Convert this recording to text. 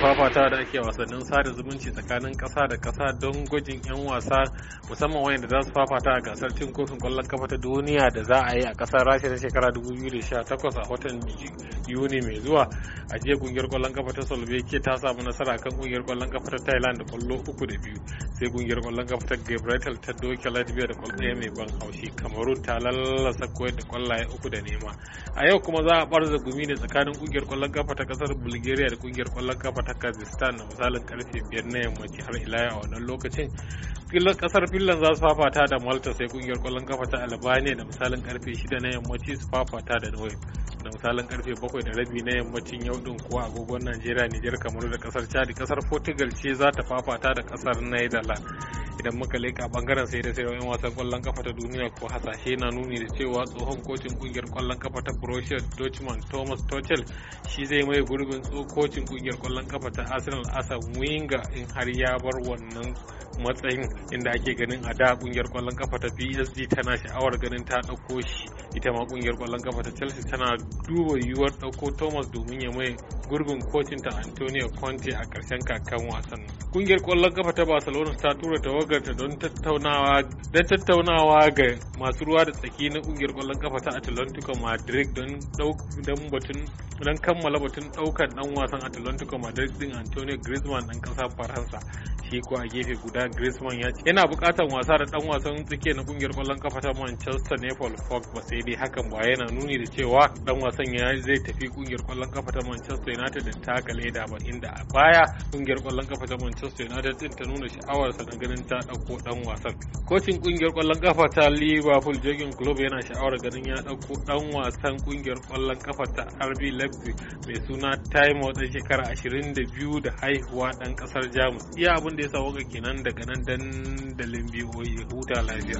fafata da ake wasannin sada zumunci tsakanin kasa da kasa don gwajin 'yan wasa musamman wayanda za su fafata a gasar cin kofin kwallon kafa ta duniya da za a yi a kasar rasha ta shekara 2018 a watan yuni mai zuwa a jiya kungiyar kwallon kafa ta slovakia ta samu nasara kan kungiyar kwallon kafa ta thailand da kwallo uku da biyu sai kungiyar kwallon kafa ta gabriel ta doke latvia da kwallo ɗaya mai ban haushi cameroon ta lallasa koyar da kwallaye uku da nema a yau kuma za a barza gumi ne tsakanin kungiyar kwallon kafa ta kasar bulgaria da kungiyar kwallon kafa ta kazakhstan na misalin karfe biyar na yammaci har ila a wannan lokacin kasar finland za su fafata da malta sai kungiyar kwallon kafa ta albania da misalin karfe shida na yammaci su fafata da norway da misalin karfe 7 da rabi na yammacin yau din kuwa agogon Najeriya Nijar kamar da kasar Chad kasar Portugal ce za ta fafata da kasar Netherlands idan muka leka bangaren sai da sayarwa 'yan wasan kwallon kafa ta duniya ko hasashe na nuni da cewa tsohon kocin kungiyar kwallon kafa ta Borussia Dortmund Thomas Tuchel shi zai mai gurbin kocin kungiyar kwallon kafa ta Arsenal Asa Wenger in har ya bar wannan matsayin inda ake ganin a da kungiyar kwallon kafa ta PSG tana sha'awar ganin ta ɗauko shi ita ma kungiyar kwallon kafa ta Chelsea tana duba yiwuwar ɗauko Thomas domin ya mai gurbin kocin ta Antonio Conte a karshen kakan wasan. Kungiyar kwallon kafa ta Barcelona ta tura ta don tattaunawa don tattaunawa ga masu ruwa da tsaki na kungiyar kwallon kafa ta Atlantico Madrid don don batun don kammala batun ɗaukar ɗan wasan Atlantico Madrid din Antonio Griezmann ɗan kasar Faransa. shi ko a gefe guda Griezmann ya ce yana bukatan wasa da dan wasan tsike na kungiyar kwallon kafa ta Manchester ne Paul Pogba sai dai hakan ba yana nuni da cewa dan wasan ya zai tafi kungiyar kwallon kafa ta Manchester United da taka leda ba inda a baya kungiyar kwallon kafa ta Manchester United din ta nuna sha'awarsa na ganin ta dauko dan wasan kocin kungiyar kwallon kafa ta Liverpool Jurgen Klopp yana sha'awar ganin ya dauko dan wasan kungiyar kwallon kafa ta RB Leipzig mai suna Timo dan shekara 22 da haihuwa dan kasar Jamus iya abin da ya sawo ga kenan daga nan dandalin biyu huta lafiya.